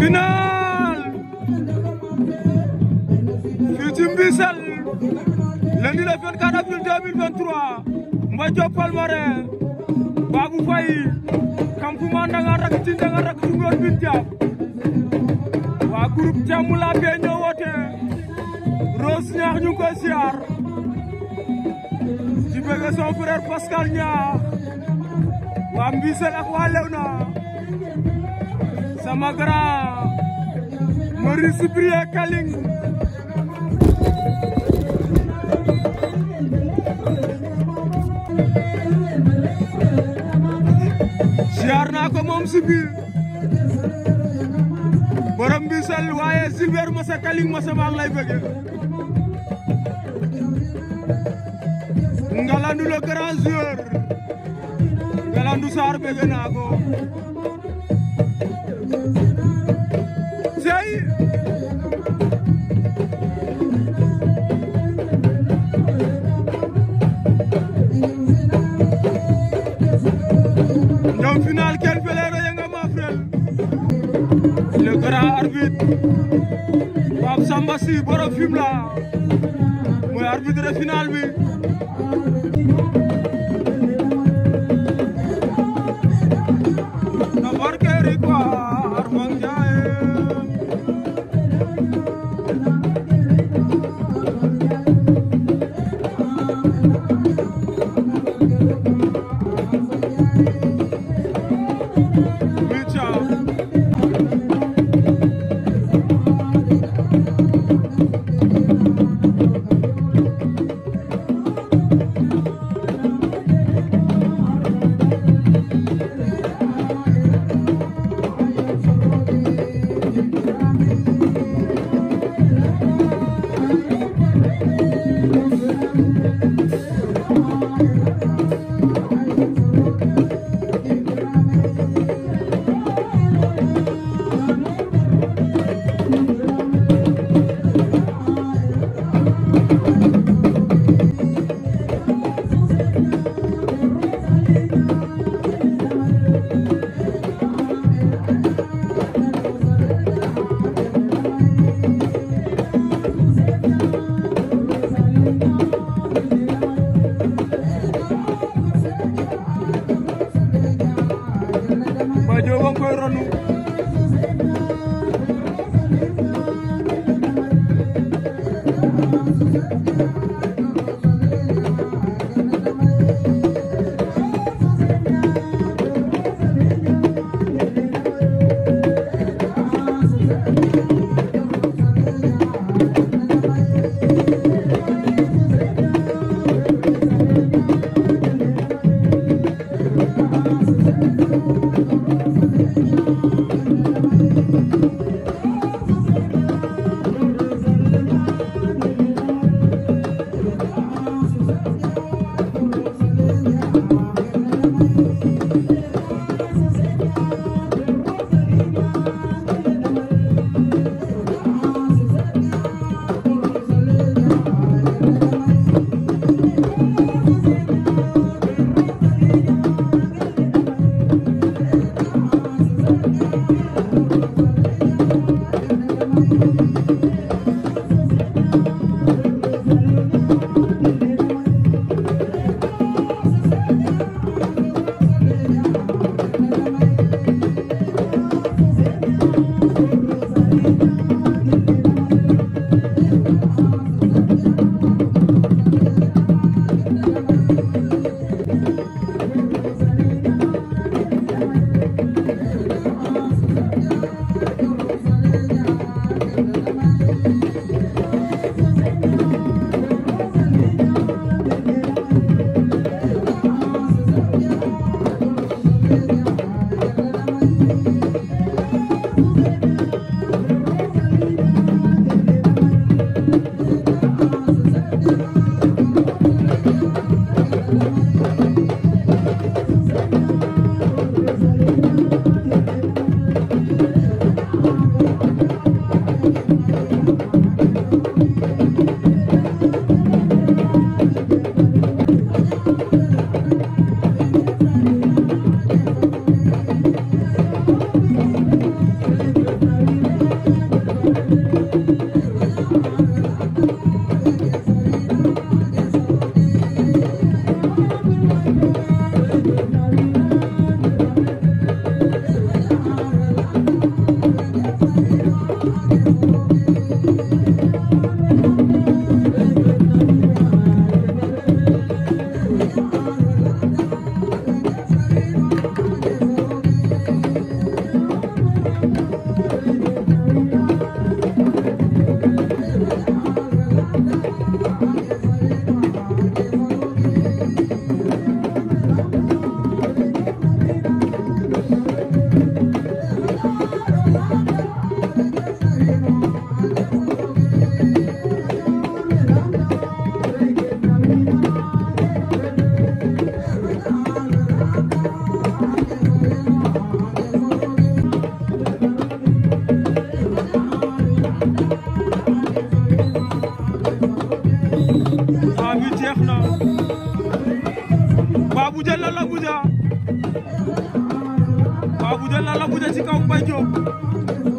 final fii ci Mbissel lundi le 24 avril 2023 Mbaye Diop Palmarin Babou Faye kam fu ma ndanga rak ci ndanga rak du ngor bin jaab ya. waa groupe Thiamou Lappé ñoo woote Rose Niakh ñu koy ci bëgg son frère Pascal Niakh waa Mbissel ak waa Léona sama grand Maurice Cyprien Kaling siyaar naa ko moom si biir borom bi sel waaye Gilbert Massa Kaling Massa maa ngi lay bëgg Ngalandou le grand joueur Ngalandou Sarr bëgg naa ko arbitre Pape Samba Sy borom Fimela mooy arbitre final bi Thank you. neex na Babou Dieng Lalla Boudia Babou Dieng Lalla Boudia ci kaw Mbaye Diop